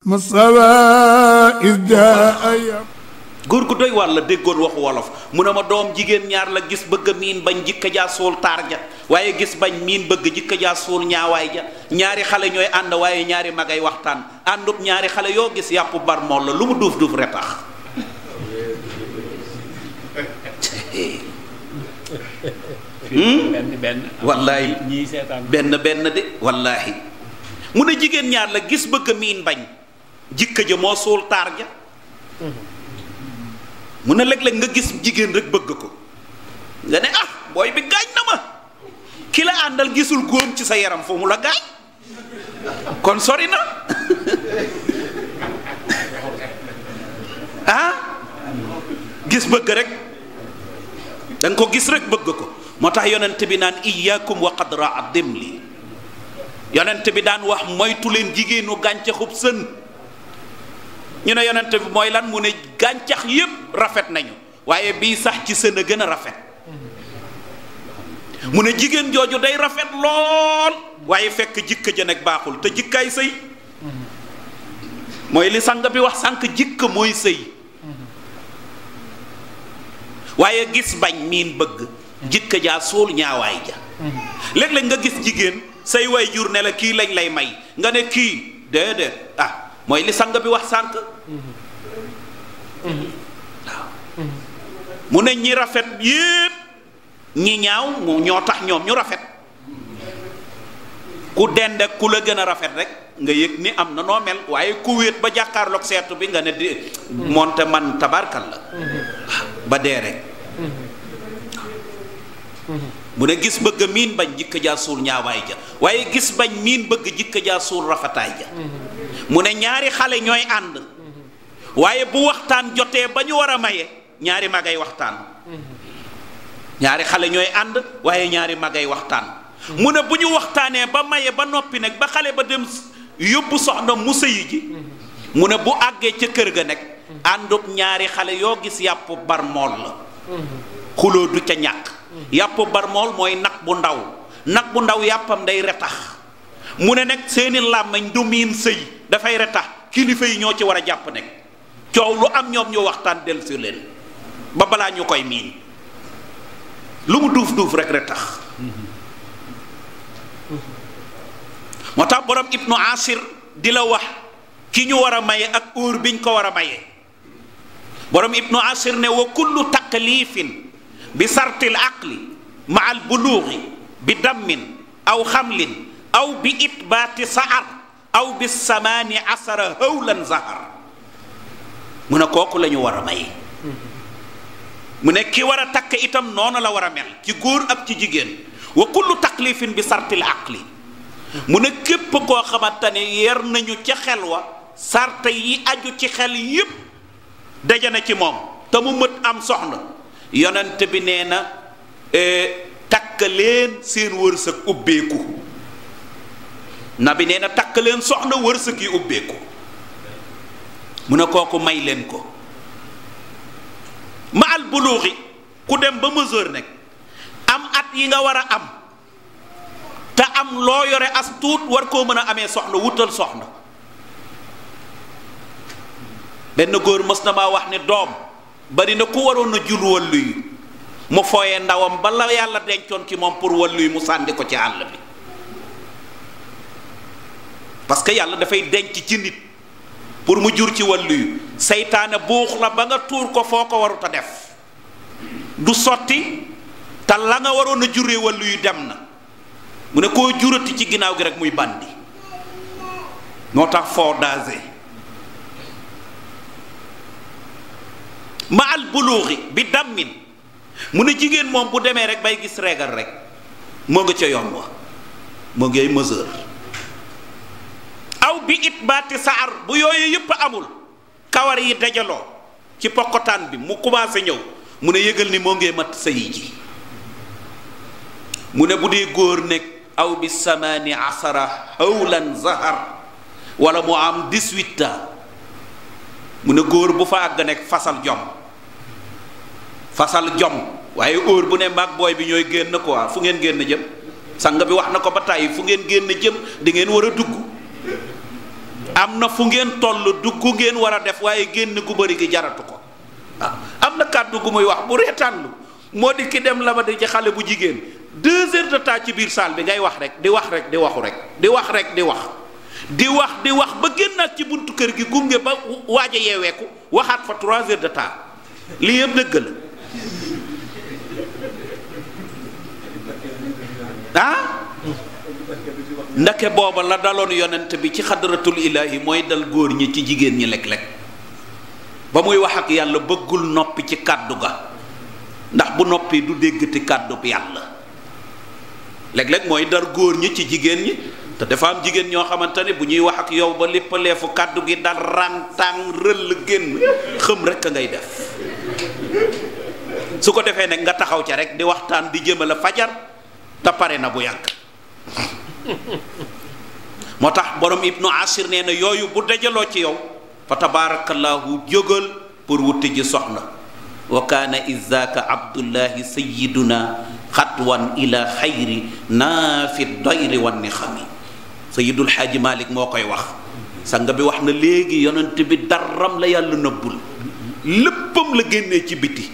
góor gu doy waar la déggoon waxu wolof mu ne ma doom jigéen ñaar la gis bëgg miin bañ jikka jaa sool taar ja waaye gis bañ miin bëgg jikka jaa suul ñaawaay ja ñaari xale ñooy ànd waaye ñaari mag ay waxtaan àndub ñaari xale yoo gis yàpp bar mool la lu mu duuf duuf retax hmm? benn benn wallaahi benn benn de wallaahi mu ne jigéen ñaar la gis bëgg miin bañ jikk ja moo suul taar ja mu ne léeg-léeg nga gis jigéen rek bëgg ko nga ne ah booy bi gaañ na ma ki la àndal gisul góom ci sa yaram foo mu la gaañ kon sori na ah gis bëgg rek danga ko gis rek bëgg ko moo tax yonent bi naan iyaakum wa qadra ad-dimli yonent bi daan wax moytu leen jigéenu gàncaxub sën ñu ne yonent bi mooy lan mu ne gàncax yépp rafet nañu waaye bii sax ci sën a gën a rafet mu ne jigéen jooju day rafet lool waaye fekk jikka ja nag baaxul te jikkaay sëy mooy li sang bi wax sànq jikk mooy sëy waaye gis bañ miin bëgg jikka jaa suul ñaawaay ja léeg-léeg nga gis jigéen say waay jur ne la kii lañ lay may nga ne kii déedéet ah mooy li sang bi wax sànq mu ne ñi rafet yépp ñi ñaaw ñoo tax ñoom ñu rafet ku dend ku la gën a rafet rekk nga yëg ni am na noo mel waaye ku wéet ba jàkkaarloog seetu bi nga ne di moonte man tabarkal la ba dee rek mu ne gis bëgg miin bañ jikk jaa suul ñaawaay ja waaye gis bañ miin bëgg jikk jaa suul rafetaay ja mu ne ñaari xale ñooy ànd waaye bu waxtaan jotee ba ñu war a maye ñaari magay waxtaan ñaari xale ñooy ànd waaye ñaari magay waxtaan mu ne bu ñu waxtaanee ba maye ba noppi nag ba xale ba dem yóbbu soxna mu sëyi ji mu ne bu àggee ca kër ga nag àndub ñaari xale yoo gis yàpp barmool la xuloo du ca ñàkk yàpp barmool mooy nag bu ndaw nag bu ndaw yàppam day retax mu ne nag seeni làmmiñ du miin sëy dafay retax kilifa yi ñoo ci war a jàpp nekk coow lu am ñoom ñu waxtaan dellusi leen ba balaa ñu koy miin lu mu duuf duuf rek retax moo tax borom ibnu asir di la wax ki ñu war a maye ak uur biñ ko war a maye borom ibnu asir ne wa kullu taqlifin bi sartil aqli ma al buluuxi bi dammin aw xamlin aw bi itbaati saar aw bi samaani asara hawlan zahar mu ne kooku lañu war a may mu ne ki war a takk itam noonu la war a mel ci góor ak ci jigéen wa kullu taklifin bi sartil aqli mu ne képp koo xamante ne yer nañu ca xel wa sarte yi aju ci xel yépp daje na ci moom te mu mët am soxna yonent bi nee na eh, takk leen seen wërsëg ubbeeku nabi nee na takk leen soxna wërsëg yi ubbeeku mu ne kooku may leen ko ma al buluuxi ku dem ba ma mesure nekk am at yi nga war a am te am loo yore as tuut war koo mën a amee soxna wutal soxna benn góor mës na maa wax ne doom bari na ku waroon na jur wàllu mu fooyee ndawam ba la yàlla dencoon ki moom pour wàllu yi mu sànni ko ci àll bi parce que yàlla dafay denc ci nit pour mu jur ci wàllu yu seytaane buux la ba nga tuur ko foo ko warut def du sotti tal la nga waroon a juree wàllu yu dem na mu ne koo jurati ci ginnaaw gi rek muy bandi moo tax foo daase ma al bi dammin mu ne jigéen moom bu demee rek bay gis reegal rek moo nga ca yomb moo ngay mesure bi it baati saar bu yooyu yëpp amul kawar yi dajaloo ci pokkotaan bi mu commencé ñëw mu ne yëgal ni moo ngee mat sëy ji mu ne bu dee góor nekk aw bi samaani asara hawlan zahar wala mu am 18 mu ne góor bu fa àgg nekk fasal jom fasal jom waaye óor bu ne maag booy bi ñooy génn quoi fu ngeen génn jëm sang bi wax na ko ba tàyyi fu ngeen génn jëm di ngeen war a dugg am na fu ngeen tollu du ku ngeen war a def waaye génn gu bëri gi jaratu ko waaw ah, am na kàddu gu muy wax bu reetaanlu moo di ki dem la ba di ci xale bu jigéen deux heures de temps ci biir salle bi ngay wax rek di wax rek di waxu rek di wax rek di wax di wax di wax ba génnaat ci buntu kër gi gunge ba waaj a yeeweeku waxaat fa trois heures de temps lii yëpp dëgg la ah? ndake booba la daloon yonent bi ci xadratul ilaahi mooy dal góor ñi ci jigéen ñi lekk-lekk ba muy wax ak yàlla bëggul noppi ci kàddu ga ndax bu noppi du déggati kàddu bi yàlla léeg-léeg mooy dar góor ñi ci jigéen ñi te dafa am jigéen ñoo xamante ne bu ñuy wax ak yow ba léppaleefu kàddu gi dal rël rëll génn xëm rekk a ngay def su ko defee ne nga taxaw ca rek di waxtaan di jëmale fajar te pare na bu yàgg moo tax borom ibnu asir nee na yooyu bu dajaloo ci yow fa tabarakallahu jógal pour wuti ji soxna wa kaana izaka abdullahi sayiduna xatwan ila xayri naafi doyri wan nixami sayidul xaaji malik moo koy wax sanga bi wax na léegi yonent bi daram la yàlla nëbbul léppam la génnee ci biti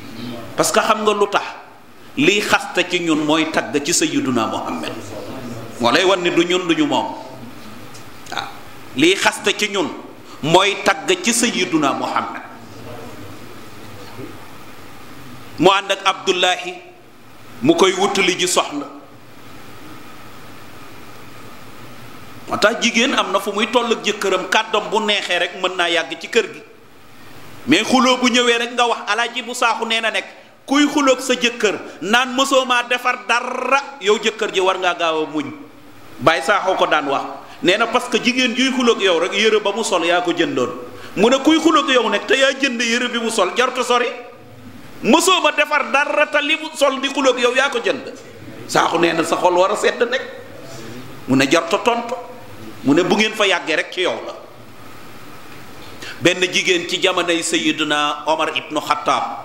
parce que xam nga lu tax liy xasta ci ñun mooy tagg ci sayiduna muhammad moo lay wan ni du ñun duñu moom waaw liy xaste ci ñun mooy tagg ci sayyiduna muhammad mu ànd ak abdullahi mu koy wutali ji soxna moo tax jigéen am na fu muy toll ak jëkkëram kàddoom bu neexee rek mën naa yàgg ci kër gi mais xuloo bu ñëwee rek nga wax alaaji bu saaxu nee na nekk kuy xuloog sa jëkkër naan mësoo maa defar dara yow jëkkër ji war ngaa gaaw a muñ bàyyi saaxoo ko daan wax nee na parce que jigéen juy xuloog yow rek yére ba mu sol yaa ko jëndoon mu ne kuy xuloog yow nag te yaa jënd yére bi mu sol jarto sori mësoo ba defar dara mu sol di xuloog yow yaa ko jënd saaxu nee na sa xol war a sedd nekk mu ne jarto tontu mu ne bu ngeen fa yàggee rek ci yow la benn jigéen ci jamonoy Sayyiduna Omar ibnu Xattaab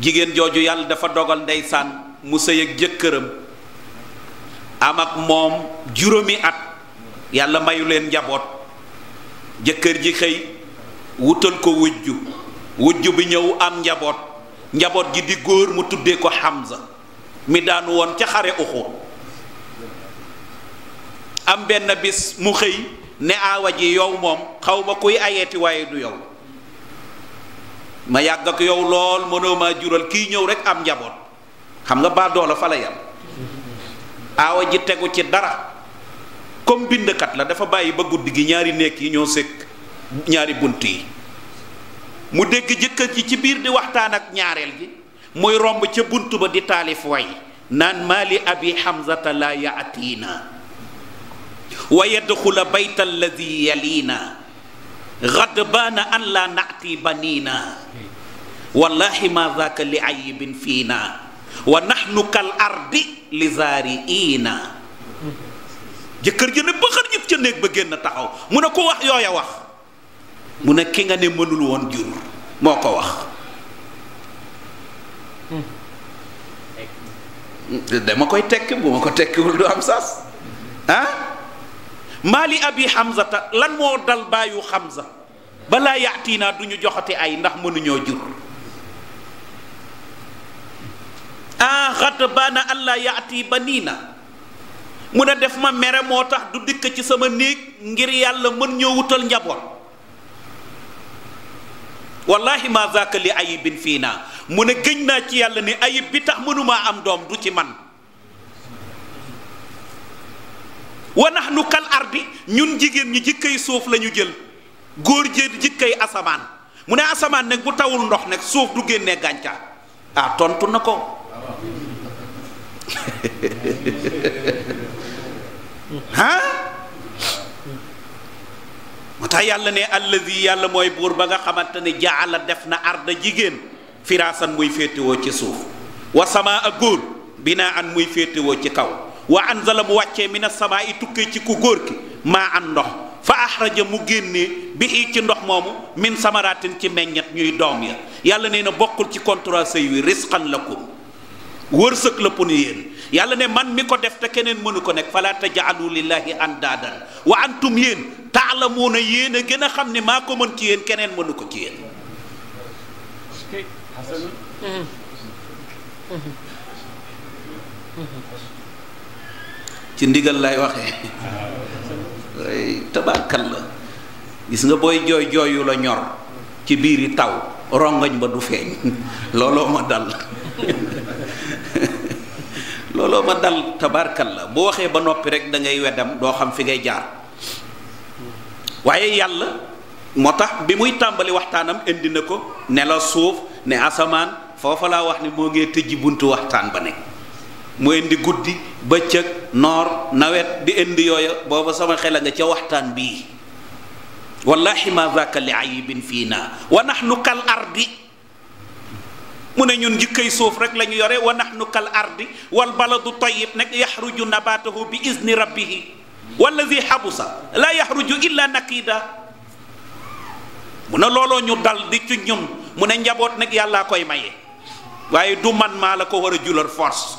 jigéen jooju yàlla dafa dogal ndeysaan mu sëy ak jëkkëram am ak moom juróomi at yàlla mayu leen njaboot jëkkër ji xëy wutal ko wujju wujju bi ñëw am njaboot njaboot ji di góor mu tuddee ko Hamza mi daanu woon ca xare Uhud am benn bis mu xëy ne aawa ji yow moom xaw kuy ayeeti waaye du yow ma yàgg ak yow lool mënoo maa jural kii ñëw rekk am njaboot xam nga baa doola fa la yam aawa ji tegu ci dara comme bindkat la dafa bàyyi ba gudd gi ñaari nekk yi ñoo sëkk ñaari bunt yi mu dégg jëkkër ji ci biir di waxtaan ak ñaareel ji muy romb ca bunt ba di taalif way naan maali abi hamzata la yaatiina wa yadxula bayta alladi yaliina gadbaana an la naati zaaka li ayibin fiina wa nahnu kal ardi li zaariina jëkkër ja ne ba xar ñëpp ca néeg ba génn taxaw mu ne ko wax yooya wax mu ne ki nga ne mënul woon jur moo ko wax dama koy tekk bu ma ko tekkiwul du am sas ah maali abi xamsata lan moo dal baayu xamsa balaa yaatiinaa du ñu joxati ay ndax mënuñoo jur xadbaana allah yaati ba nii na mu ne def ma mere moo tax du dikk ci sama néeg ngir yàlla mën ñoo wutal njaboot wallahi ma li ayibin fii mu ne gëñ naa ci yàlla ni ayib bi tax mënumaa am doom du ci man wanax nahnu kal ardi ñun jigéen ñi jikkay suuf lañu jël góor jee jikkay asamaan mu ne asamaan nag bu tawul ndox nag suuf du génnee gàncax ah tontu na ko ah moo tax yàlla ne allazi yàlla mooy buur ba nga xamante ne jaala def na arda jigéen firaasan muy féetewoo ci suuf wa sama a góor binaa an muy féetewoo ci kaw wa anzala mu wàccee mina samaa i tukkee ci ku góor ki maa an ndox fa axraja mu génnee bi i ci ndox moomu min samaratin ci meññat ñuy doom ya yàlla nee na bokkul ci contrat sëy wi risqan lakum wërsëg la pour yéen yàlla ne man mi ko def te keneen mënu ko nekk fala tajaalu lillahi andaadan wa antum yéen taalamuuna yéen a gën a xam ne maa ko mën ci yéen keneen mënu ko ci yéen ci ndigal lay waxee tabaarkal la gis nga booy jooy jooyu ñor ci biiri taw rongoñ ba du feeñ looloo ma dal looloo ma dal la boo waxee ba noppi rek da ngay weddam doo xam fi ngay jaar waaye yàlla moo tax bi muy tàmbali waxtaanam indi na ko ne la suuf ne asamaan foofa laa wax ni moo ngee tëjji buntu waxtaan ba ne mu indi guddi bëccëg noor nawet di indi yooya booba sama xel a nga ca waxtaan bii wallahi ma zaaka li ayibin fii naa wa nahnu kal ardi mu ne ñun jikkay suuf rek lañu ñu yore wa nahnu kal ardi wal baladu tayyib nag yaxruju nabatahu bi izni rabbihi wallazi xabusa laa yaxruju illa nakida mu ne looloo ñu dal di ci ñun mu ne njaboot nag yàllaa koy maye waaye du man maa la ko war a julal fors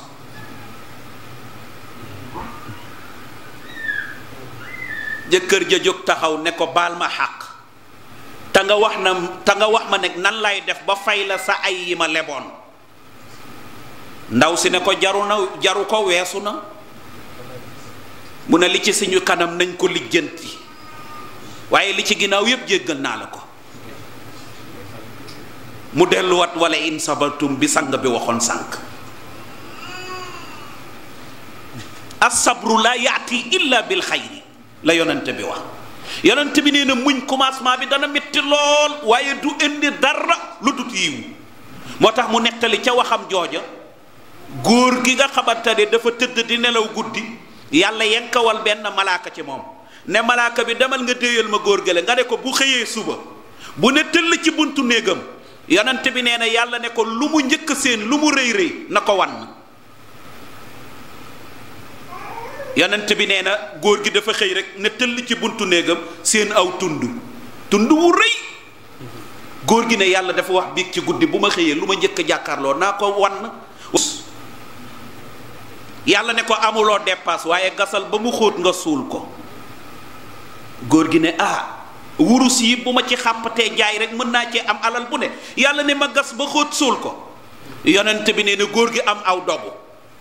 jëkkër ja jóg taxaw ne ko baal ma xàq te nga wax na te nga wax ma nekk nan laay def ba fay la sa ay yi ma leboon ndaw si ne ko jaru na jaru ko weesu na mu ne li ci suñu kanam nañ ko lijjanti waaye li ci ginnaaw yépp jéggal naa la ko mu delluwat wala in sabartum bi sang bi waxoon sànq as sabru la yaati illa bil xayri la yonente bi wax yonent bi nee na muñ commencement bi dana métti lool waaye du indi dara lu du yiw moo tax mu nettali ca waxam jooja góor gi nga xamante dafa tëdd di nelaw guddi yàlla yenkawal benn malaaka ci moom ne malaaka bi demal nga déeyal ma góor gële nga ne ko bu xëyee suba bu ne tëll ci buntu néegam yonent bi nee na yàlla ne ko lu mu njëkk seen lu mu rëy rëy na ko wan yonent bi nee na góor gi dafa xëy rek ne tëll ci buntu néegam seen aw tund tund wu rëy góor gi ne yàlla dafa wax biig ci guddi bu ma xëyee lu ma njëkk a jàkkaarloo naa ko wann yàlla ne ko amuloo dépasse waaye gasal ba mu xóot nga suul ko góor gi ne ah wurus yi bu ma ci xàppatee njaay rek mën naa cee am alal bu ne yàlla ne ma gas ba xóot suul ko yonent bi nee na góor gi am aw dogu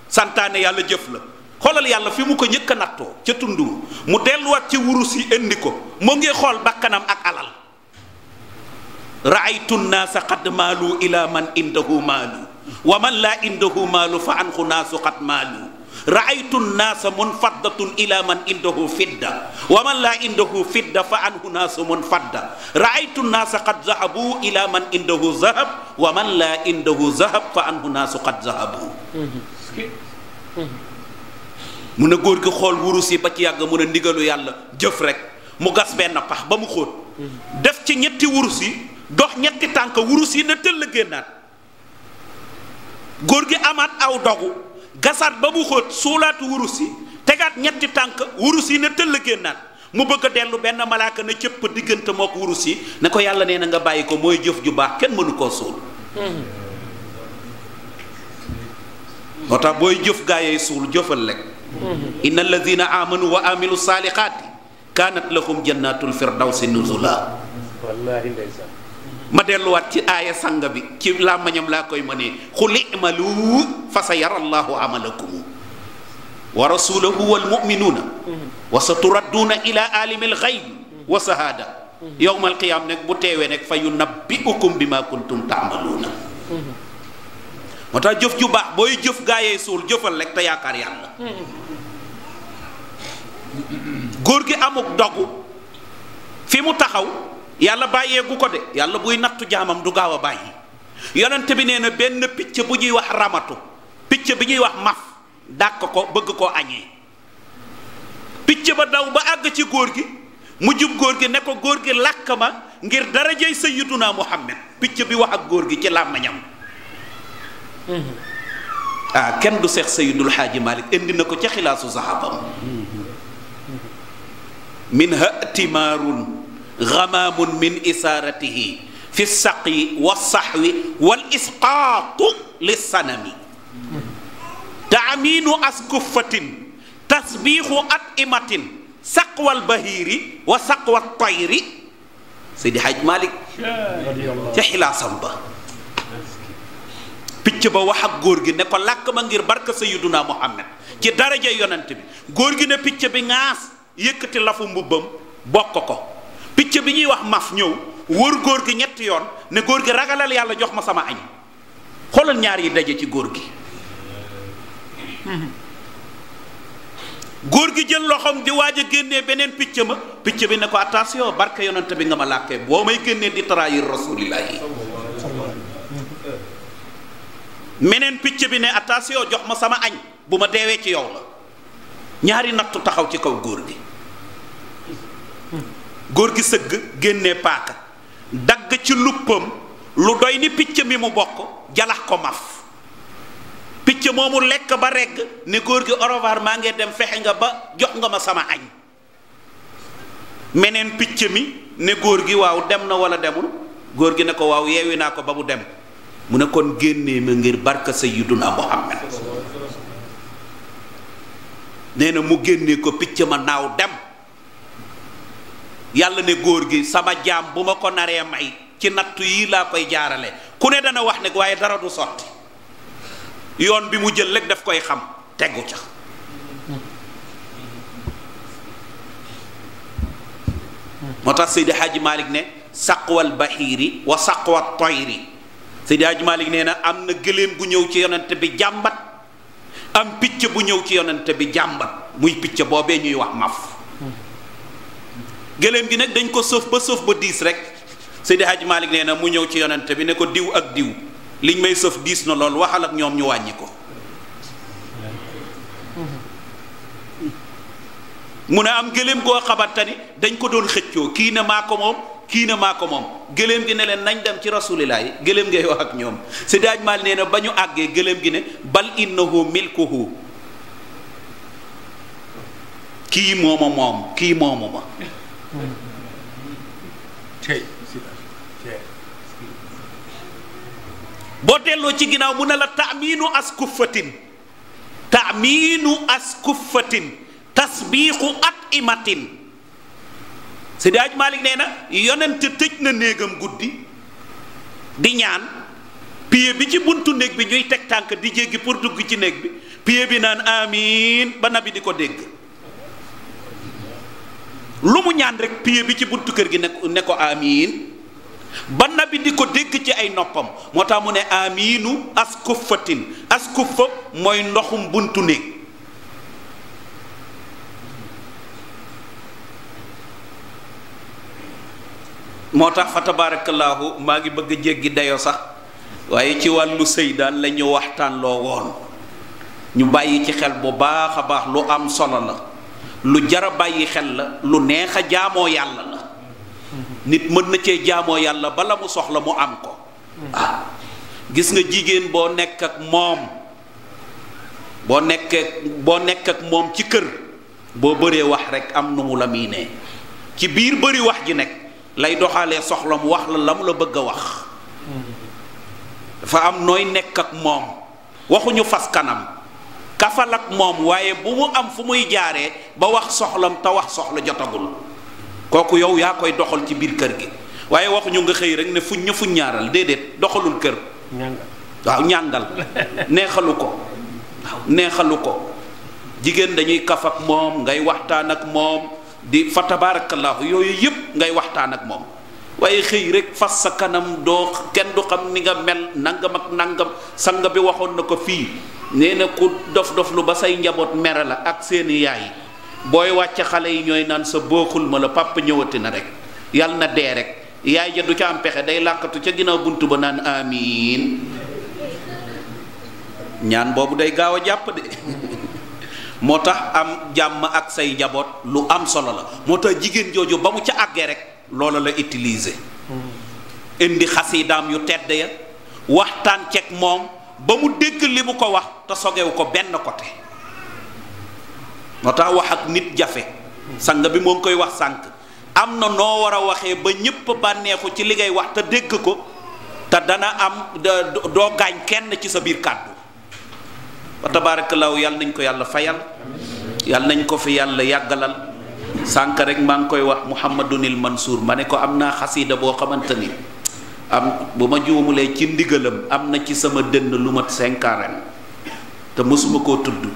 santaane yàlla jëf la xoolal yàlla fi mu ko njëkk a nattoo ca tund mu delluwaat ci wurus yi indi ko moo ngi xool bakkanam ak alal raaytu nnaasa qad maalu ila man indahu maalu wa man laa indahu maalu fa anxu naasu qad maalu raaytu nnaasa munfaddatun ila man indahu fidda wa man laa indahu fidda fa anhu naasu munfadda raaytu nnaasa qad zahabu ila man indahu zahab wa man laa indahu zahab fa anhu naasu qad zahabu mm-hmm. Mm-hmm. mu ne góor gi xool wurus yi ba ci yàgg mun a ndigalu yàlla jëf rek mu gas benn pax ba mu xóot def ci ñetti wurus yi dox ñetti tànk wurus yi na tëll génnaat góor gi amaat aw dogu gasaat ba mu suulaatu wurus yi tegaat ñetti tànk wurus yi na tëll génnaat mu bëgg a dellu benn malaaka na cëpp diggante mook wurus yi ne ko yàlla nee na nga bàyyi ko mooy jëf ju baax kenn mënu koo suul hmm. moo tax booy jëf gaa yee suul jëfal lekk inna alladina amanu wa amilu saalihaati kaanat lahum jannatul firdawsi nuzula wallaahi ndeysaan ma delluwaat ci aaya sang bi ci làmmañam laa koy mënee xul imalu fa sa yara allahu amalakum wa rasuluhu wal muminuuna wa sa turadduuna ila alimi alxayb wa sahaada yowma alqiyaam nag bu teewee nag fa yunabbiukum bima kuntum taamaluuna moo tax jëf ju baax booy jëf gaayee suul jëfal rek te yaakaar yàlla góor gi amuk dogu fi mu taxaw yàlla bàyyeegu ko de yàlla buy nattu jaamam du gaaw a bàyyi yonent bi nee na benn picc bu ñuy wax ramatu picc bi ñuy wax maf dàq ko bëgg koo añee picc ba daw ba àgg ci góor gi mu jub góor gi ne ko góor gi làkk ma ngir sa darajay sayyiduna muhammad picc bi wax ak góor gi ci làmmiñam ah kenn du seex sayidul xaaji malik indi na ko ca xilaasu saxaabam min hatimaarun gamaamun min isaaratihi fi saqi wa saxwi wal isqaatu li sanami taamiinu askufatin tasbiixu at imatin saqwal bahiri wa saqwal tayri Seydi Haj Malik ca xilaasam ba picc ba wax ak góor gi ne ko làkk ma ngir barka sayyiduna muhammad ci daraja yonent bi góor gi ne picc bi ŋaas yëkkati lafu mbubbam bokk ko picc bi ñuy wax maf ñëw wër góor gi ñett yoon ne góor gi ragalal yàlla jox ma sama añ xoolal ñaar yi daje ci góor gi góor gi jël loxoom di waaj génnee beneen picc ma picc bi ne ko attention barke yonent bi nga ma làkkee boo may génnee di trahir rasulillah meneen picc bi ne attention jox ma sama añ bu ma deewee ci yow la ñaari nattu taxaw ci kaw góor gi góor gi sëgg génne paaka dagg ci luppam lu doy ni picc mi mu bokk jalax ko maf picc moomu lekk ba rekk ne góor gi orovar maa ngi dem fexe nga ba jox nga ma sama añ meneen picc mi ne góor gi waaw dem na wala demul góor gi ne ko waaw yeewi naa ko ba mu dem mu ne kon génnee ma ngir barka sayyiduna muhammad nee na mu génnee ko picc ma naaw dem yàlla ne góor gi sama jaam bu ma ko naree may ci nattu yi laa koy jaarale ku ne dana wax ne waaye dara du sotti yoon bi mu jël rek daf koy xam tegu ca moo tax Seydi Hadji Malick ne saqwal baxiiri wa saqwa toyri Seydi Hadj Malick nee na am na gëléem bu ñëw ci yonent bi jàmbat am picc bu ñëw ci yonent bi jàmbat muy picc boobee ñuy wax maf gëléem gi nag dañ ko sëf ba sëf ba diis rek Seydi Hadj Malick nee na mu ñëw ci yonent bi ne ko diw ak diw liñ may sëf diis na lool waxal ak ñoom ñu wàññi ko mu ne am gëléem goo xamante ni dañ ko doon xëccoo kii ne maa ko moom kii na maa ko moom gëléem gi ne leen nañ dem ci rasulilaay gëléem ngay wax ak ñoom si maal nee na ba ñu àggee gëléem gi ne bal innahu milkuhu kii mooma moom kii moomu ma boo delloo ci ginnaaw mu ne la taamiinu askufatin taamiinu askufatin tasbiixu at imatin Seydi Aj Malik nee na yonent tëj na néegam guddi di ñaan piye bi ci buntu néeg bi ñuy teg tànk di jéggi pour dugg ci néeg bi piye bi naan amiin ba nabi di ko dégg lu mu ñaan rek piye bi ci buntu kër gi ne ne ko amiin ba nabi di ko dégg ci ay noppam moo tax mu ne amiinu askufatin askufa mooy ndoxum buntu néeg moo tax fa tabaarakallaahu maa ngi bëgg a jéggi dayoo sax waaye ci wàllu seydaan daal la ñu waxtaan woon ñu bàyyi ci xel bu baax a baax lu am solo la lu jara bàyyi xel la lu neex a jaamoo yàlla la nit mën na cee jaamoo yàlla bala mu soxla mu am ko gis nga jigéen boo nekk ak moom boo nekk ak moom ci kër boo bëree wax rekk am nu mu la miine ci biir bëri wax ji nekk lay doxalee soxlam wax la la mu la bëgg wax dafa am nooy nekk ak moom waxuñu fas kanam kafal ak moom waaye bu mu am fu muy jaaree ba wax soxlam te wax soxla jotagul kooku yow yaa koy doxal ci biir kër gi waaye waxuñu nga xëy rek ne fuñ fuñ ñaaral déedéet doxalul kër waaw ñàngal neexalu ko neexalu ko jigéen dañuy kaf ak moom ngay waxtaan ak moom di fa tabaarakallaahu yooyu yëpp ngay waxtaan ak moom waaye xëy rek fas sa kanam doo kenn du xam ni nga mel nangam ak nangam sang bi waxoon na ko fii nee na ku dof dof lu ba say njaboot mere la ak seeni yaay booy wàcce xale yi ñooy naan sa booxul ma la papa ñëwati na rek yal na dee rek yaay ja du ca am pexe day làkkatu ca ginnaaw bunt ba naan amiin ñaan boobu day gaaw a jàpp de moo tax am jàmm ak say njaboot lu am solo la moo tax jigéen jooju ba mu ca àggee rek loola la utiliser indi xasidaam yu tedd ya waxtaan ceeg moom ba mu dégg li mu ko wax te sogewu ko benn côté moo tax wax ak nit jafe sang bi moo koy wax sànq am na noo war a waxee ba ñépp bànneexu ci li ngay wax te dégg ko te dana am doo gaañ kenn ci sa biir kàddu wa law yàlla nañ ko yàlla fayal yàlla nañ ko fi yàlla yàggalal sànq rek maa ngi koy wax Mouhamadunil Mansour ma ne ko am naa xasiida boo xamante ni am bu ma juumulee ci ndigalam am na ci sama dënn lu mat cinquante te mosuma koo tudd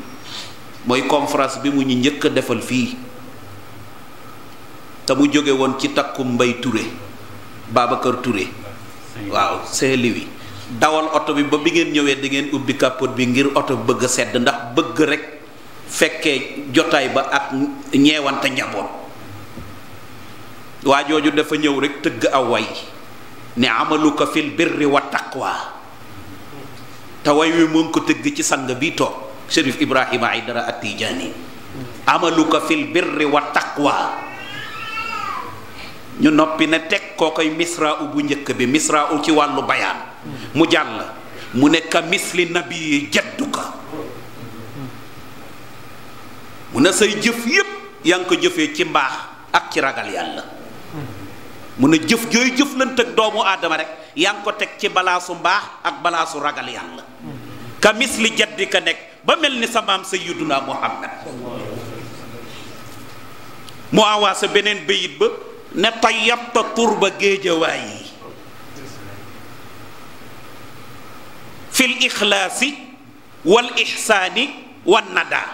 mooy conférence bi mu ñu njëkk a defal fii te mu jóge woon ci takku Mbay Touré Babacar Touré waaw Saint-Louis dawal oto bi ba bi ngeen ñëwee da ngeen ubbi capote bi ngir oto bëgg a sedd ndax bëgg rek fekkee jotaay ba ak ñeewante njaboot waa jooju dafa ñëw rekk tëgg aw way ne amaluka fil birri wa taqwa te way wi moom ko tëgg ci sang bi toog Chérif Ibrahima Aïdara at amalu ko fil birri wa taqwa ñu noppi ne teg koo koy misra u bu njëkk bi misra u ci wàllu bayaan mu jàll mu ne ka misli nabi jadduka mu ne say jëf yépp yaa ngi ko jëfee ci mbaax ak ci ragal yàlla mu ne jëf jooy lañ ak doomu aadama rek yaa ngi ko teg ci balaasu mbaax ak balaasu ragal yàlla ka misli jaddika nekk ba mel ni sa maam sayyiduna muhammad mu awaasa beneen bayit ba ne tayyabta turba géejawaay yi fil ixlaasi wal ixsaani wan nadaa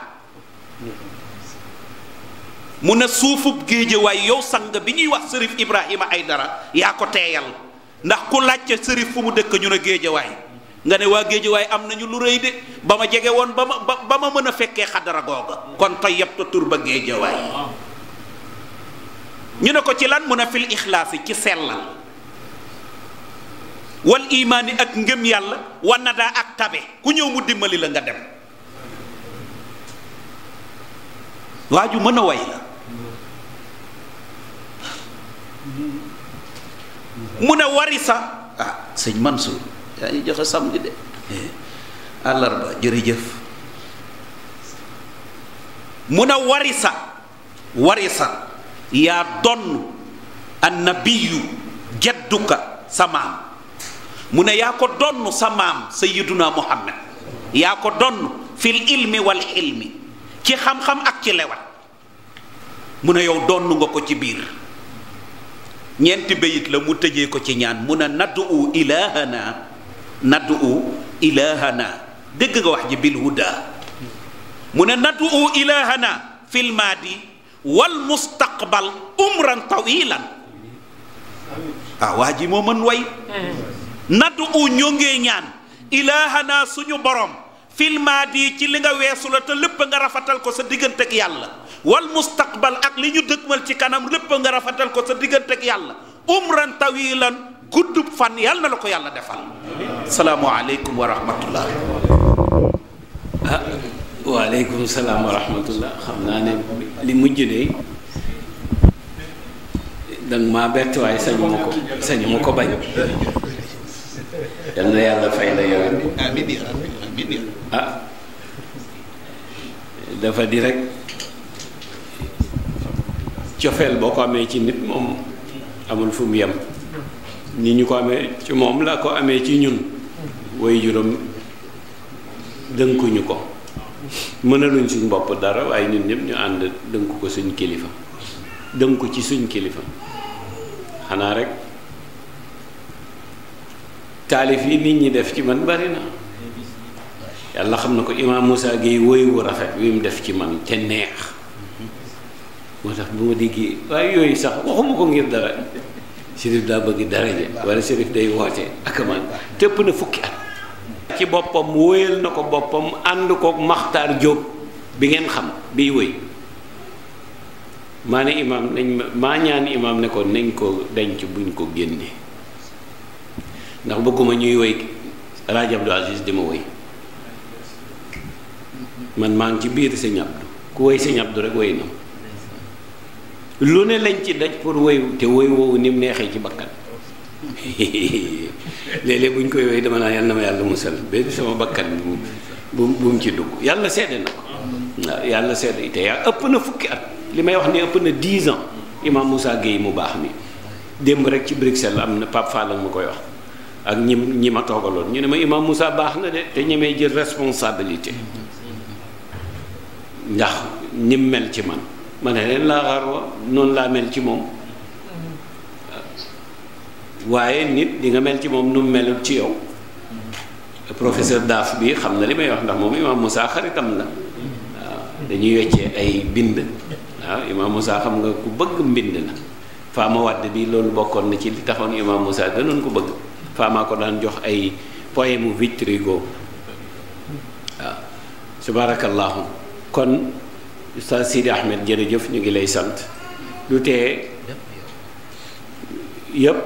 mun ne suufu géejewaay yow sang bi ñuy wax sërif Ibrahima Aydara yaa ko teeyal ndax ku laajte sërif fu mu dëkk ñu ne géejewaay nga ne waa géejewaay am nañu lu rëy de ba ma jege woon ba ma ba ma mën a fekkee xadara googa kon tayyabta tur ba géejewaay ñu ne ko ci lan mu ne fil ixlaasi ci sellal wal ak ngëm yàlla wan na daa ak tabe ku ñëw mu dimbali la nga dem waa ju mën a way la mu ne warisa ah sëñ Mansour yaa ngi joxe samedi de eh, àllarba jërëjëf mu ne warisa warisa yaa donn annabiyu jadduka sa maam mu ne yaa ko donn sa maam sayyiduna muhammad yaa ko donn fil ilmi wal xilmi ci xam-xam ak ci lewat mu ne yow donn nga ko ci biir ñeenti béyit la mu tëjee ko ci ñaan mu ne naddu ilaahana naddu ilaahana dégg nga wax ji bil huda mu ne naddu ilaahana fil maadi wal mustaqbal umran tawilan ah, waa ji moo mën way eh. naddu u ñoo ngee ñaan ilaahana suñu borom filmaadi ci li nga weesu la te lépp nga rafatal ko sa diggante ak yàlla wal mustaqbal ak li ñu dëgmal ci kanam lépp nga rafatal ko sa diggante ak yàlla umran tawilan gudd fan yàlla na la ko yàlla defal salaamu aleykum wa rahmatullah ah waaleykum salaam xam naa ne li mujj de danga maa bett waaye sañu ma ko sañu ma ko bañ yal na yàlla fay la yow ah dafa di rek cofeel boo ko amee ci nit moom amul fu mu yem ni ñu ko amee ci moom laa ko amee ci ñun woy juróom dënkuñu ko mënaluñ suñ bopp dara waaye ñun ñëpp ñu ànd dënku ko suñ kilifa dënku ci suñ kilifa xanaa rek taalif yi nit ñi def ci man bari na yàlla xam na ko imaam Moussa gi woy rafet wi mu def ci man te neex moo tax bu ma déggee waaye yooyu sax waxuma ko ngir dara Chérif daa bëgg daraje wala Chérif day woote ak man tépp na fukki at ci boppam wóoyal na ko boppam ànd kook Maxtaar Jóob bi ngeen xam biy woy maa ne imaam nañ ma imaam ne ko nañ ko denc buñ ko génnee ndax bëgguma ñuy woy Alaaji Abdou Aziz di ma woy man maa ngi ci biir Sëñ Abdou ku woy Sëñ Abdou rek woy na lu ne lañ ci daj pour woy te woy woowu ni mu neexee ci bakkan léeg-léeg bu ñu koy woy dama naa yàlla na ma yàlla musal benn sama bakkan bu bu bu mu ci dugg yàlla seede na ko yàlla seede te ëpp na fukki at li may wax ne ëpp na 10 ans Imam Moussa Gueye mu baax mi démb rek ci Bruxelles am na Pape Fall ma koy wax ak ñi ñi ma toogaloon ñu ne ma imam Moussa baax na de te ñemee jël responsabilité ndax nim mel ci man ma ne leen laa xaar wa noonu laa mel ci moom waaye nit di nga mel ci moom nu melut ci yow professeur Daaf bii xam na li may wax ndax moom imam Moussa xaritam la waaw dañuy weccee ay bind waaw imam Moussa xam nga ku bëgg mbind la faama wadd bi loolu bokkoon na ci li taxoon imam Moussa gënoon ko bëgg faamaa ko daan jox ay poème Victor Hugo waaw subaarakallaahu kon Oustaz Sidi Ahmed jërëjëf ñu ngi lay sant lu tee yépp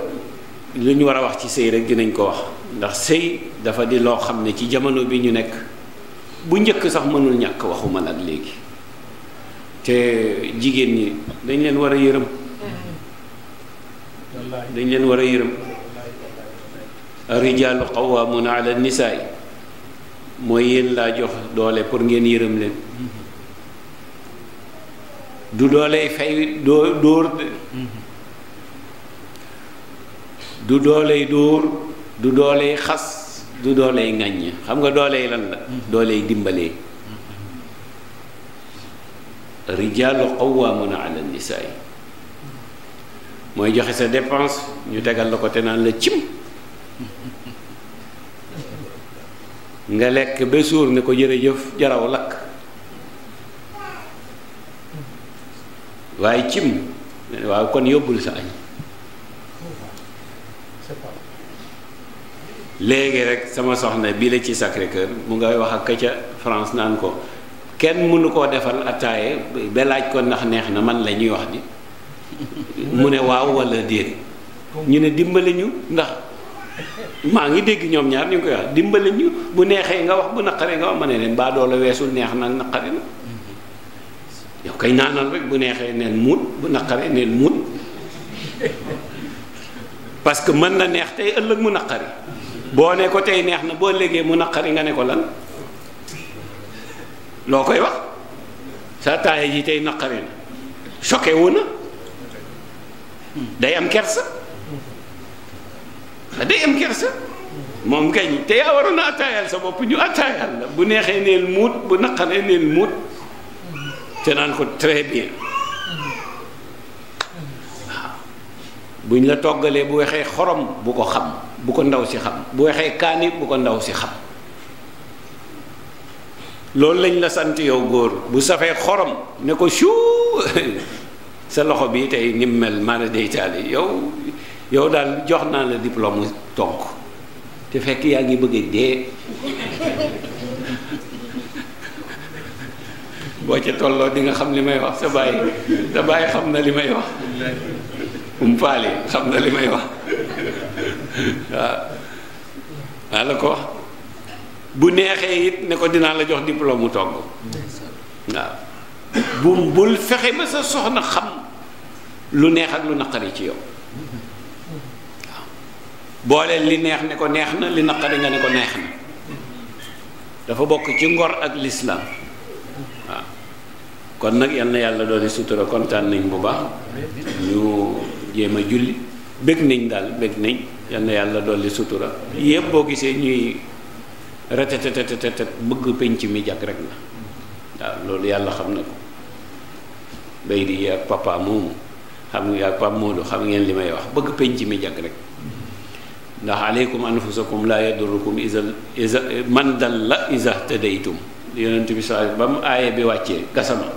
lu war a wax ci sëy rek dinañ ko wax ndax sëy dafa di loo xam ne ci jamono bi ñu nekk bu njëkk sax mënul ñàkk waxuma nag léegi te jigéen ñi dañ leen war a yërëm mm-hmm. dañ leen war a yërëm rijaalu qawwaamuuna ala nisaay mooy yéen laa jox doole pour ngeen yërëm leen du dooley fay dóor dóor du doole dóor du dooley xas du dooley ŋàññ xam nga dooley lan la doole yi dimbalee rijaalu qawwaamuuna ala nisaay mooy joxe sa dépense ñu tegal la ko te naan la cim nga lekk ba suur ne ko jërëjëf jaraw lakk waaye cim waaw kon yóbbul sa añ léegi rek sama soxna bii la ci Sacré-Cœur mu ngay wax ak ca France naan ko kenn mënu koo defal attaaye ba laaj ko ndax neex na man la ñuy wax di mu ne waaw walla déet ñu ne dimbali ñu ndax maa ngi dégg ñoom ñaar ñu ngi koy wax dimbale ñu bu neexee nga wax bu naqaree nga wax ma ne leen baa doo la weesul neex na naqari na yow kay naanal rek bu neexee neen muut bu naqaree neen muut parce que mën na neex tey ëllëg mu naqari boo ne ko tey neex na boo léegee mu naqari nga ne ko lan loo koy wax sa taaya ji tey naqari na choqué na day am kers da day am kersa moom kañ te yaa waroon a attaayaal sa bopp ñu attaayaal la bu neexee neel muut bu naqaree neel muut te naan ko très bien buñ la toggalee bu waxee xorom bu ko xam bu ko ndaw si xam bu waxee kaani bu ko ndaw si xam loolu lañ la sant yow góor bu safee xorom ne ko suu sa loxo bi tey ni mel maanaam day taali yow. yow daal jox naa la diplôme tonk te fekk yaa ngi bëgg a dee boo ca tolloo di nga xam li may wax sa bàyyi sa bàyyi xam na li may wax umpaale xam na li may wax waaw waa la ko wax bu neexee it ne ko dinaa la jox diplôme mu togg waaw bu bul fexe ba sa soxna xam lu neex ak lu naqari ci yow booleel li neex ne ko neex na li naqari nga ne ko neex na dafa bokk ci ngor ak lislaam waaw kon nag yal na yàlla doon sutura kontaan nañ bu baax ñu jéem a julli bëgg nañ daal bëgg nañ yal na yàlla dolli sutura yëpp boo gisee ñuy retetetetetet bëgg penc mi jàkk rek la waaw loolu yàlla xam na ko bay di ak papa moomu xam nga ak papa Moodu xam ngeen li may wax bëgg penc mi jàkk rek ndax aleykum anfusakum laa yadurukum isa isa man dal la isa tadaytum yonent bi saa ba mu aaye bi wàccee gasama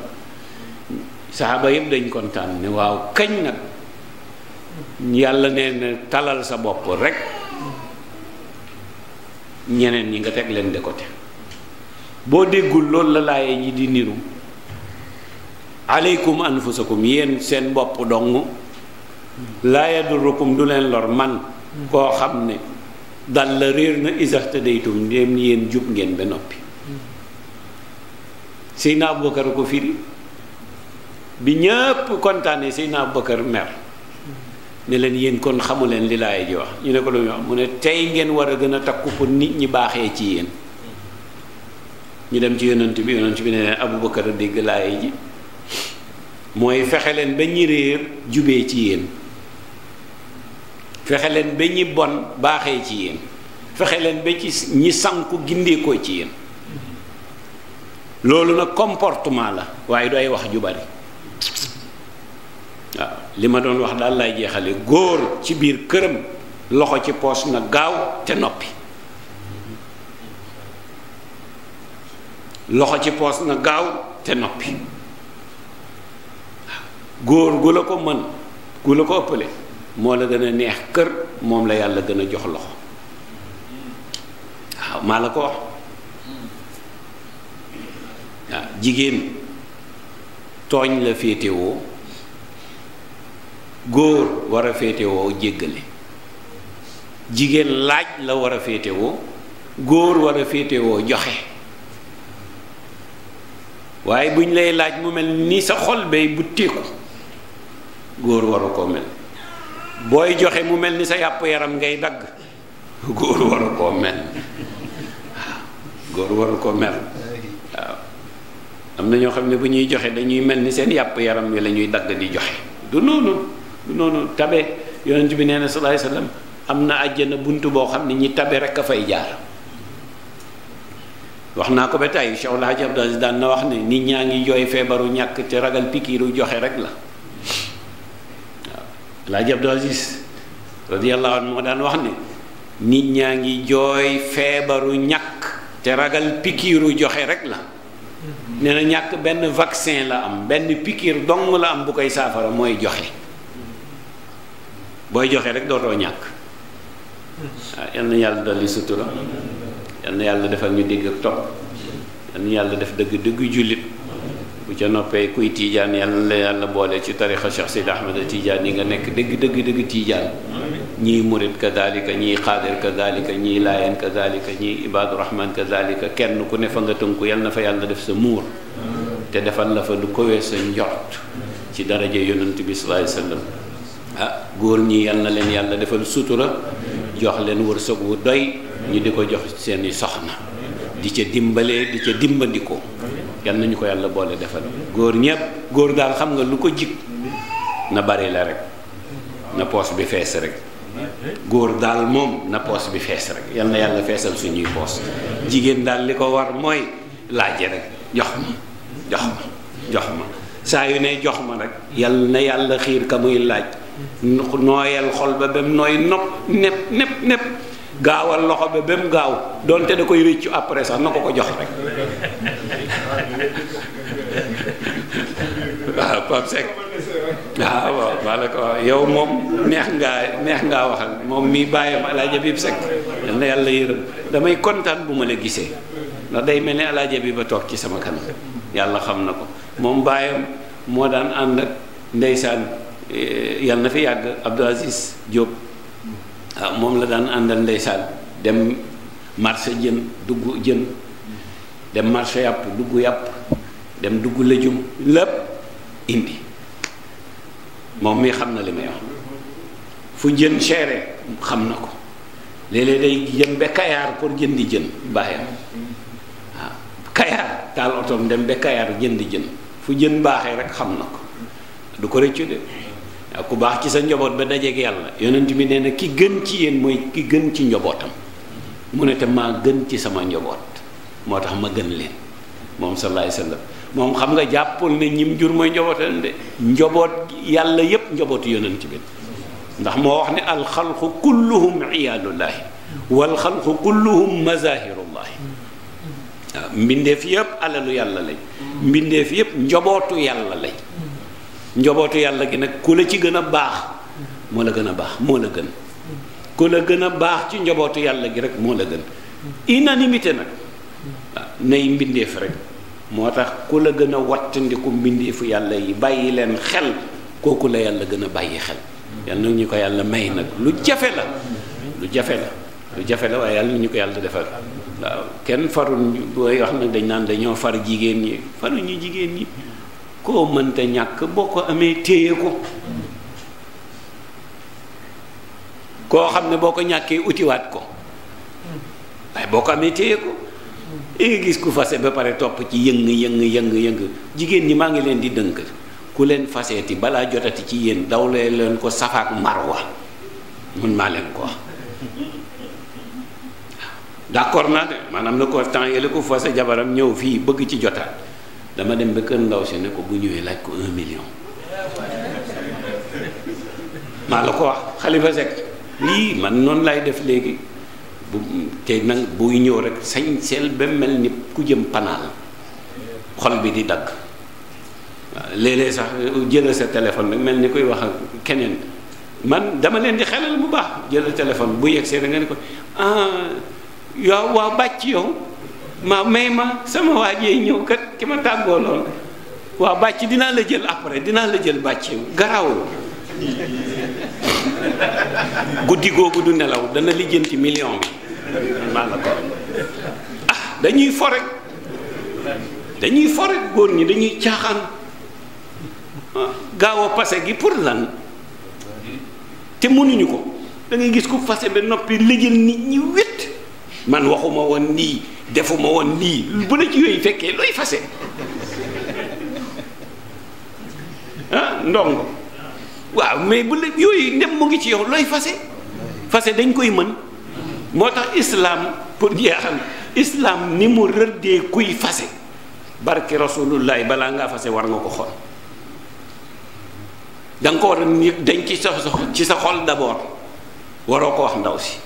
saxaaba yëpp dañ kontaan ne waaw kañ nag yàlla nee talal sa bopp rekk ñeneen ñi nga teg leen de côté boo déggul loolu la laaye ji di niru aleykum anfusakum yéen seen bopp dong laa yadurukum du leen lor man koo xam ne dal la réer na isaxte daytum dem yéen jub ngeen ba noppi Seydina Abubakar ko firi bi ñëpp kontaanee Seydina Abubakar mer ne leen yéen kon xamu leen li laay ji wax ñu ne ko lu mu ne tey ngeen war a gën a takku pour nit ñi baaxee ci yéen ñu dem ci yonent bi yonent bi ne leen Abubakar a dégg laay ji mooy fexe leen ba ñi réer jubee ci yéen fexe leen ba ñi bon baaxee ci yéen fexe leen ba ci ñi sanku gindeekoo ci yéen loolu nag comportement la waaye dooy wax ju bari waaw li ma doon wax daal lay jeexale góor ci biir këram loxo ci poos na gaaw te noppi loxo ci poos na gaaw te noppi góor gu la ko mën gu la ko ëppale moo la gën a neex kër moom la yàlla gën a jox loxo waaw maa la ko wax jigéen tooñ la féetewoo góor war a féetewoo jéggale jigéen laaj la war a féetewoo góor war a féetewoo joxe waaye bu ñu lay laaj mu mel ni sa xol bay bu teeku góor waru ko mel booy joxe mu mel ni sa yàpp yaram ngay dagg góor waru koo mel góor waru koo mel waaw am na ñoo xam ne bu ñuy joxe dañuy mel ni seen yàpp yaram wi lañuy ñuy dagg di joxe du noonu noonu tabe yonent bi nee na sallallahu alayhi wasallam am na àjjana bunt boo xam ne ñi tabe rek a fay jaar wax naa ko ba tey Cheikh El Hadj Abdou daan na wax ne nit ñaa ngi jooy feebaru ñàkk te ragal pikiiru joxe rek la alaaji Abdou Aziz radiyallahu anhu moo daan wax ni nit ñaa ngi jooy feebaru ñàkk te ragal pikiiru joxe rek la mm-hmm. ne na ñàkk benn vaccin la am benn pikiir dong la am bu koy saafara mooy joxe booy joxe rek dootoo ñàkk waaw mm-hmm. ah, yal na yàlla dolli sutura yàlla defal ñu dégg yal na yàlla def dëgg dëgg jullit bu ca noppee kuy tiijaan yàlla na la yàlla boole ci tarixa Cheikh Sidi Ahmed Tidiane yi nga nekk dëgg dëgg dëgg tiijaan ñii murit kadalika ñii xaadir kadalika ñii laayeen kadalika ñii ibaadu rahman kadalika kenn ku ne fa nga tënku yàlla na fa yàlla def sa muur te defal la fa lu kowee sa njort ci daraja yonent bi sallallahu alayhi wasallam ah góor ñi yàlla na leen yàlla defal sutura jox leen wërsëg wu doy ñu di ko jox seeni soxna di ca dimbalee di ca dimbandikoo yal nañu ko yàlla boole defal góor ñépp góor daal xam nga lu ko jig na bari la rek na poos bi fees rek góor daal moom na poos bi fees rek yal na yàlla feesal suñuy poos jigéen daal li ko war mooy laaje rek jox ma jox ma saa yu ne jox ma rek yal na yàlla xiir ka muy laaj nooyal xol ba ba mu nooy nopp nepp nepp nepp gaawal loxo ba ba mu gaaw donte da koy rëccu après sax na ko ko jox rek waaw Pape waaw maa la ko wax yow moom neex ngaa neex ngaa waxal moom mii bàyyam Alaaji Abib Seck yal yàlla yërëm damay kontaan bu ma la gisee ndax day mel ni Alaaji Abib ba toog ci sama kan yàlla xam na ko moom bàyyam moo daan ànd ak ndeysaan eh, yal na fi yàgg Abdou Aziz Diop moom la daan àndal ndeysaan dem marché jën dugg jën dem marché yàpp dugg yàpp dem dugg lëjum lépp indi moom mii xam na li may wax fu jën seere xam na ko léeg-léeg day jëm ba kayaar pour jëndi jën baayam waaw kayaar taal otoom dem ba kayaar jëndi jën fu jën baaxee rek xam na ko du ko rëccu de waaw ku baax ci sa njaboot ba dajeeg yàlla yonent bi nee na ki gën ci yéen mooy ki gën ci njabootam mu ne te maa gën ci sama njaboot moo tax ma gën leen moom sallallahu alayhi moom xam nga jàppul ne ñim jur mooy njobootam de njoboot yàlla yépp njobootu yonent bi ndax moo wax ne alxalqu kulluhum iyaalullahi walxalqu kulluhum mazahirullahi waaw mbindeef yépp alalu yàlla lañ mbindeef yépp njobootu yàlla lañ njobootu yàlla gi nag ku la ci gën a baax moo la gën a baax moo la gën ku la gën a baax ci njobootu yàlla gi rek moo la gën unanimité nag waaw nay mbindeef rek moo tax ku la gën a wattandiku mbindeefu yàlla yi bàyyi leen xel kooku la yàlla gën a bàyyi xel yàlla nag ñu ko yàlla may nag lu jafe la lu jafe la lu jafe la waaye yàlla na ñu ko yàlla defal waaw kenn farul booy wax nag dañ naan dañoo far jigéen ñi faru ñu jigéen ñi koo mënta ñàkk boo ko amee téye ko koo xam ne boo ko ñàkkee utiwaat ko waaye boo ko amee téye ko li gis ku fase ba pare topp ci yëng yëng yëng yëng jigéen ñi maa ngi leen di dënk ku leen faseeti balaa jotati ci yéen dawlee leen ko safaak marwa mun maa leen ko wax d'accord naa de maanaam na ko temps yële ku fase jabaram ñëw fii bëgg ci jotaat dama dem ba kër ndaw si ne ko bu ñëwee laaj ko un million maa la ko wax Khalifa Seck lii man noonu lay def léegi bu te nag buy ñëw rek sañ seel ba mel ni ku jëm panaal xol bi di dakk waaw sax jëlal sa téléphone rek mel ni koy wax ak keneen man dama leen di xelal bu baax jëlal téléphone bu see da nga ne ko ah yow waaw bàcc yow ma may ma sama waa jee ñëw kat ki ma tàggoo lool waaw bàcc dinaa la jël après dinaa la jël bàcc garaawul guddi googu du nelaw dana lijjanti million bi maa ah dañuy fore dañuy fore rek góor ñi dañuy caaxaan ah, gaawa a passé gi pour lan te mënuñu ko dangay ngay gis ku fase ba noppi lijjal nit ñi wét man waxuma woon nii defuma woon nii bu la ci yooyu fekkee looy fase ah, ndongo waaw mais bu la yooyu ndem mu ngi ci yow looy fase fase dañ koy mën moo tax islaam pour jeexal islaam ni mu rëddee kuy fase barke rasulullahi balaa ngaa fase war nga ko xool da nga ko war a dañ ci sa ci sa xol d'abord waroo ko wax ndaw si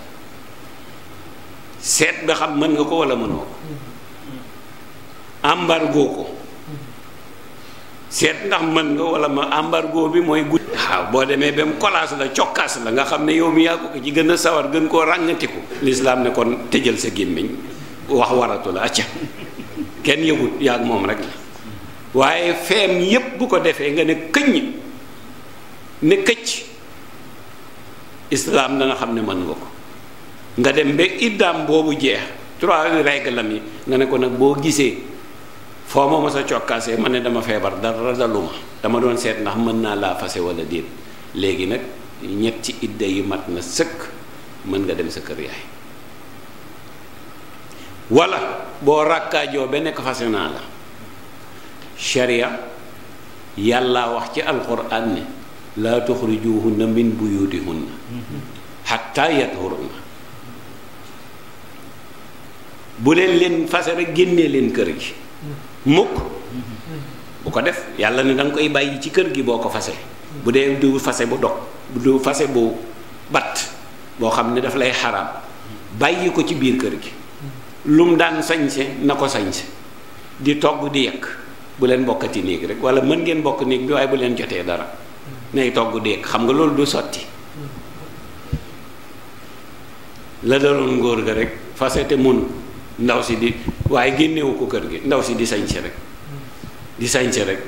seet ba xam mën nga ko walla mënoo ko embargo ko seet ndax mën nga wala ma embargo bi mooy guddi waaw boo demee ba mu kolaas la cokkaas la nga xam ne yow mi yaa ci gën a sawar gën koo ràngatiku lislaam ne kon tëjal sa gémmiñ wax waratu la acca kenn yëgut yaa moom rek la waaye feem yépp bu ko defee nga ne këññ ne këcc islaam dana xam ne mën nga ko nga dem ba iddaam boobu jeex trois règle la mi nga ne ko nag boo gisee foo ma mos a ma ne dama feebar dara daluma dama doon seet ndax mën naa laa fase wala déet léegi nag ñetti idda yi mat na sëkk mën nga dem sa kër yaay wala boo ràkkaajoo ba nekk fase naa la sharia yàlla wax ci alquran ne laa tuxrijuhunna min buyutihunna xatta yathurna bu leen leen fase rek génnee leen kër gi mukk bu ko def yàlla ne danga koy bàyyi ci kër gi boo ko fasee bu dee du fase bu dog du fase bu batt boo xam ne daf lay xaraam bàyyi ko ci biir kër gi lu mu daan sañse na ko sañse di togg di yekk bu leen bokkati néeg rek wala mën ngeen bokk néeg bi waaye bu leen jotee dara nay togg di yekk xam nga loolu du sotti la daloon ngóor gi rek fase te mun ndaw si di waaye génnewu ko kër gi ndaw si di sañse rek di sañse rek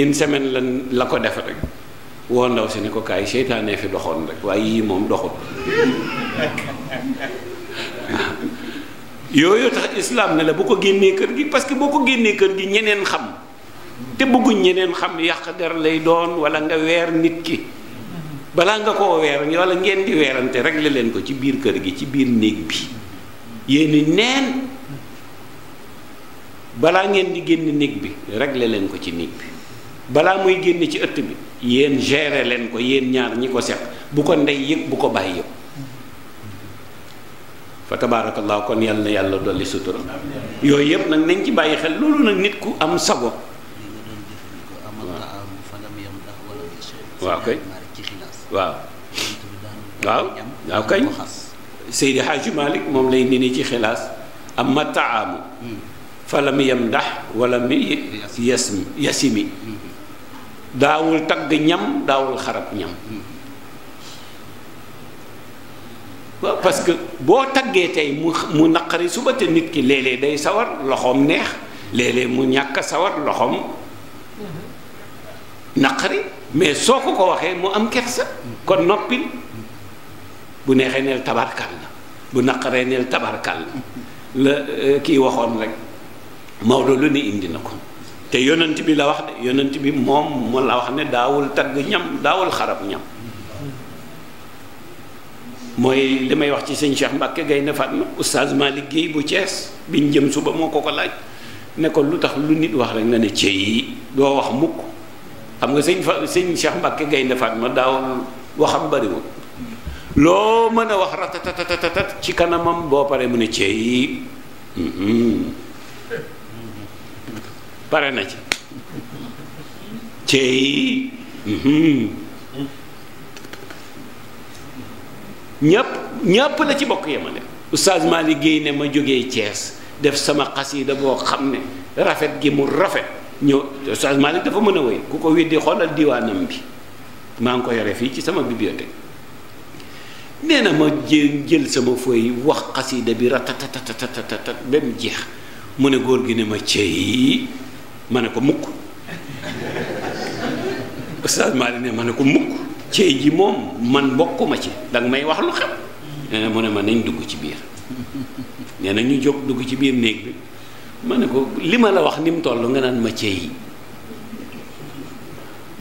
une semaine la la ko def rek woo ndaw si ne ko kaay seytaane fi doxoon rek waaye yii moom doxul yooyu tax islam ne la bu ko génnee kër gi parce que boo ko génnee kër gi ñeneen xam te bëgguñ ñeneen xam yàq der lay doon walla nga weer nit ki balaa nga koo weer wala ngeen di weerante rek la leen ko ci biir kër gi ci biir néeg bi yéen neen balaa ngeen di génn néeg bi régler leen ko ci néeg bi balaa muy génn ci ëtt bi yéen gere leen ko yéen ñaar ñi ko seq bu ko ndey yëg bu ko bàyyi yëg fa tabaarakallaahu kon yal na yàlla dolli sutura yooyu yëpp nag nañ ci bàyyi xel loolu nag nit ku am sago waaw kay waaw waaw waaw kay Seydi Hadji moom lay nini ci xilaas am ma taamu falam yam ndax walla mi yes yasimi daawul tagg ñam daawul xarab ñam waaw parce que boo taggee tey mu mu naqari suba te nit ki léeg day sawar loxoom neex léeg mu ñàkk sawar loxoom naqari mais soo ko ko waxee mu am kersa kon noppil bu neexee neel tabarkal la bu naqaree neel tabarkal la la euh, kii waxoon rek Maodo lu ne indi na ko te yonent bi la wax de yonent bi moom moo la wax ne daawul tagg ñam daawul xarab ñam mooy li may wax ci sëñ Cheikh Mbacke Gaynde Fatma oustaz Malick Guèye bu Thiès biñ jëm suba moo ko ko laaj ne lu tax lu wax rek nga ne cëy doo wax mukk xam nga sëñ sëñ Cheikh Mbacke Gaynde Fatma daawul waxam bariwul loo mën a wax ratatatatat ci kanamam boo paree mu ne cee yi pare na ci ceey mhm. ñëpp ñëpp la ci bokk yemale oustaz Malick Guèye ne ma jógee cees def sama xasida boo xam ne rafet gi mu rafet ñëw oustaz Malick dafa mën a woy ku ko weddi xoolal diwaanam bi maa ngi ko yore fii ci sama bibliothèque nee na ma jé jël sama fooy wax xasida bi ratatatatatatat ba mu jeex mu ne góor gi ne ma ceey ma ne ko mukk Oustaz ne ma ne ko mukk cey ji moom man bokkuma ci danga may wax lu xam nee mu ne ma nañ dugg ci biir nee nañu ñu jóg dugg ci biir néeg bi ma ne ko li ma la wax ni mu toll nga naan ma cey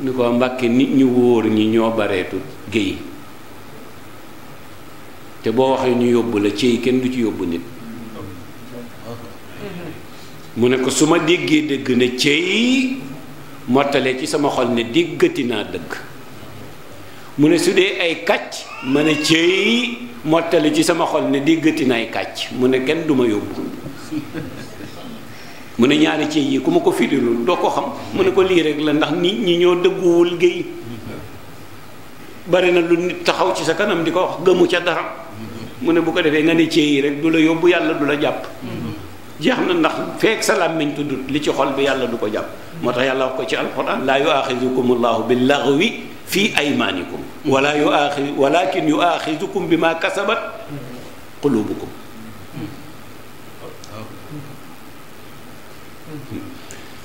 ni ko Mbàkke nit ñu wóor ñi ñoo bareetu géy te boo waxee ñu yóbbu la cey kenn du ci yóbbu nit mu ne ko su ma déggee dégg na cey mottalee ci sama xol ne déggati naa dëgg mu ne su dee ay kàcc ma ne cey mottale ci sama xol ne déggati naay kàcc mu ne kenn du ma yóbbu mu ne ñaari cey yi ku ma ko firilul doo ko xam mu ne ko lii rek la ndax nit ñi ñoo dëgguwul géy bari na lu nit taxaw ci sa kanam di ko wax gëmu ca dara mu ne bu ko defee nga ne yi rek du la yóbbu yàlla du la jàpp jeex na ndax feek sa làmmiñ tudd li ci xol bi yàlla du ko jàpp moo tax yàlla wax ko ci alquran laa yuaxizukum allahu bi laxwi fii aymaanikum wala yuaxi walakin yuaxizukum bi ma kasabat qulubukum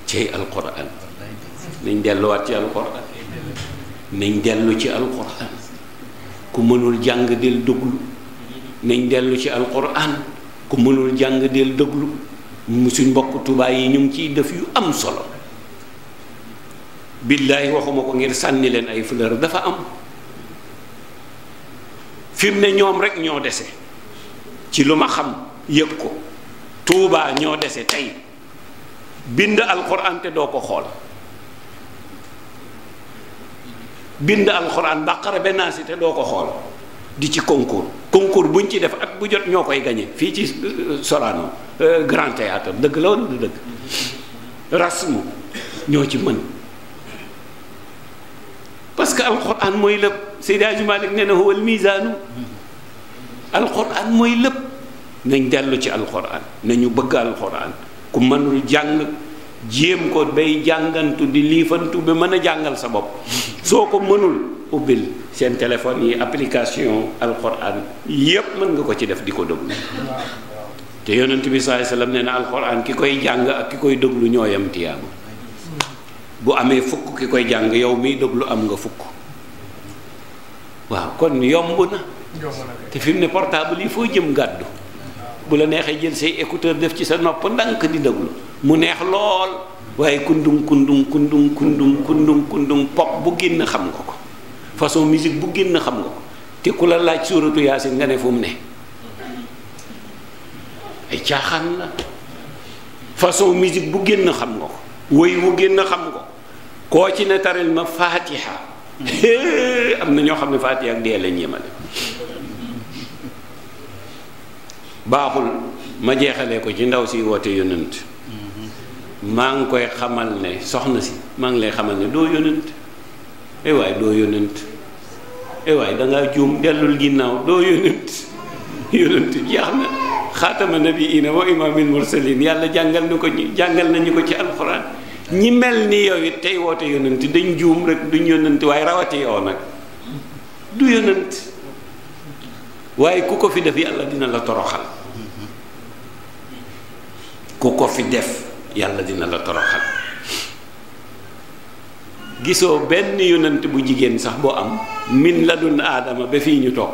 cey alquran nañ delluwaat ci alquran nañ dellu ci alquran ku mënul jàng del déglu nañ dellu ci alquran ku mënul jàng del déglu mu suñ mbokk Tuubaa yi ñu ngi ciy def yu am solo billaahi waxuma ko ngir sànni leen ay fleur dafa am fi ne ñoom rekk ñoo dese ci lu ma xam yëg ko Tuubaa ñoo dese tey bind alxuraan te doo ko xool bind alxuraan bàqara bennaasi te doo ko xool di ci concours concours buñ ci def at bu jot ñoo koy gañe fii ci euh, Sorano euh, Grand Théâtre dëgg la wala du dëgg rasmu ñoo ci mën parce que alquran mooy lépp Seydi Hadji Malick nee na huwal miizaanu alquran mooy lépp nañ dellu ci alquran nañu bëgg alquran ku mënul jàng jéem ko bay jàngantu di liifantu bi mën a jàngal sa bopp soo ko mënul ubbil seen téléphone yi application alquran yépp mën nga ko ci def di ko déglu te yonent bi sallallahu alayhi wasallam nee na alquran ki koy jàng ak ki koy déglu ñoo yam tiyaabu bu amee fukk ki koy jàng yow miy déglu am nga fukk waaw kon yomb na te fi mu ne portable yi foo jëm gàddu bu la neexee jël say écouteur def ci sa nopp ndànk di déglu mu neex lool waaye kundung kundung kundung kundung kundung kundung pop bu génn xam nga ko façon musique bu génn xam nga ko te ku la laaj suuratu yaasin nga ne fu ne ay caaxaan la façon musique bu génn xam nga ko woy wu génn xam nga koo ci ne taril ma faatiha am na ñoo xam ne faatiha ak dee lañ yemale baaxul ma jeexalee ko ci ndaw si woote yonent mm-hmm. maa ngi koy xamal ne soxna si maa ngi lay xamal ne doo yonent e waay doo yonent e eh waay dangaa juum dellul ginnaaw doo yonent yonent jeex na xaatama nabiina wa imaamil mursalin yàlla jàngal na ko jàngal nañu ko ci alxuraan ñi mel ni yow it tey woote yonent dañ juum rek duñ yonent waaye rawati yow nag du yonent waaye ku ko fi def yàlla dina la toroxal ku ko fi def yàlla dina la toroxal gisoo benn yonent bu jigéen sax boo am min la dun aadama ba fii ñu toog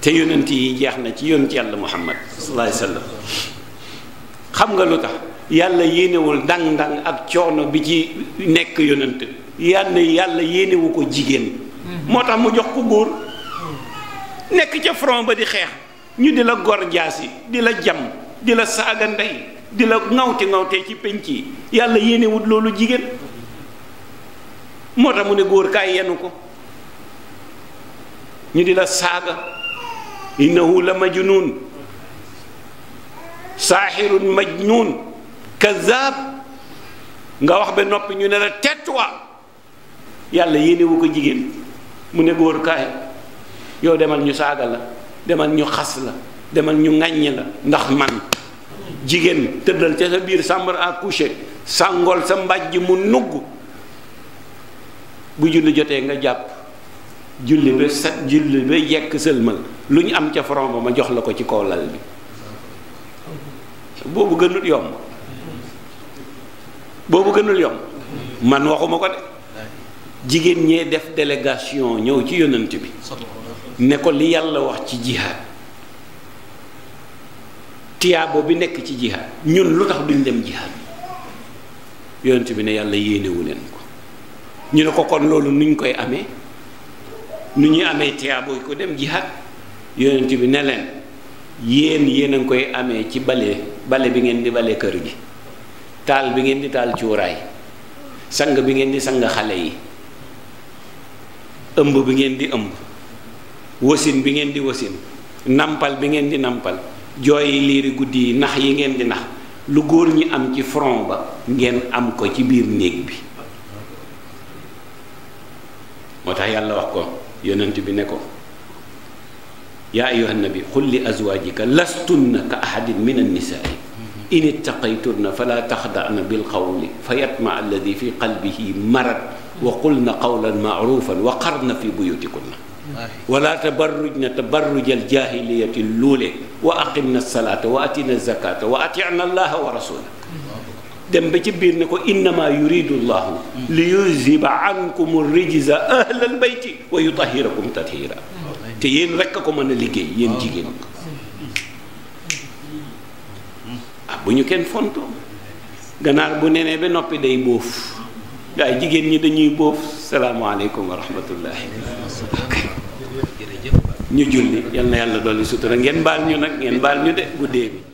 te yonent yi jeex na ci yonent yàlla muhammad sallallahu alayhi xam nga lu tax yàlla yéenewul dang-dang ak coono bi ci nekk yonent yàlla yàlla yéenewu ko jigéen mhm. moo tax mu jox ko góor nekk ca front ba di xeex ñu di la gor jaasi di la jam di la saaga ndey di la ŋawti ŋawtee ci penc yi yàlla yéenewut loolu jigéen moo tax mu ne góor kaay yenu ko ñu di la saaga innahu la majnun saaxirun majnun kazaab nga wax ba noppi ñu ne la tettuwa yàlla yéenewu ko jigéen mu ne góor kaay yow demal ñu saaga la demal ñu xas la demal ñu ŋàññ la ndax man jigéen tëddal ca sa biir chambre à coucher sàngool sa mbàjj mu nugg bu julli jotee nga jàpp julli ba set julli ba yekk sëlmal lu ñu am ca front ba ma jox la ko ci kaw lal bi boobu gënul yomb boobu gënul yomb man waxuma ko de jigéen ñee def délégation ñëw ci yonent bi ne ko li yàlla wax ci jihaad tiyaabo bi nekk ci jihaad ñun lu tax duñ dem jihaad yonent bi ne yàlla yéenewu leen ko ñu ne ko kon loolu nuñ koy amee nu ñuy amee tiyaabo ko dem jihaad yonent bi ne leen yéen yéen a koy amee ci bale bale bi ngeen di bale kër gi taal bi ngeen di taal cuuraay sang bi ngeen di sang xale yi ëmb bi ngeen di ëmb wasin bi ngeen di wasin nampal bi ngeen di nampal jooy yi liiri guddi yi nax yi ngeen di nax lu góor ñi am ci front ba ngeen am ko ci biir néeg bi moo tax yàlla wax ko yonent bi ne ko yaa ayyuha nabi qul li azwaajika lastunna ka ahadin min annisaai in ittaqaytunna fala taxda'na bil qawli fa yatma alladi fi qalbihi marad wa qulna qawlan ma'rufan wa qarna fi buyutikunna wala tabarrujna tabarrujal jaahiliyati luule wa aqimna salaata wa atina zakata wa atina allaha wa rasulahu dem ba ci biir ne ko innama yuridu llahu li yuziba ankum rijza ahlal bayti wa yutahirakum tathira te yéen rekk a ko mën a liggéey yéen jigéen ah bu ñu kenn fontoo ganaar bu nenee ba noppi day bóof gaa jigéen ñi dañuy bóof salaamaaleykum wa rahmatullahi ñu julli yal na yàlla dolli sutura ngeen baal ñu nag ngeen baal ñu de guddee bi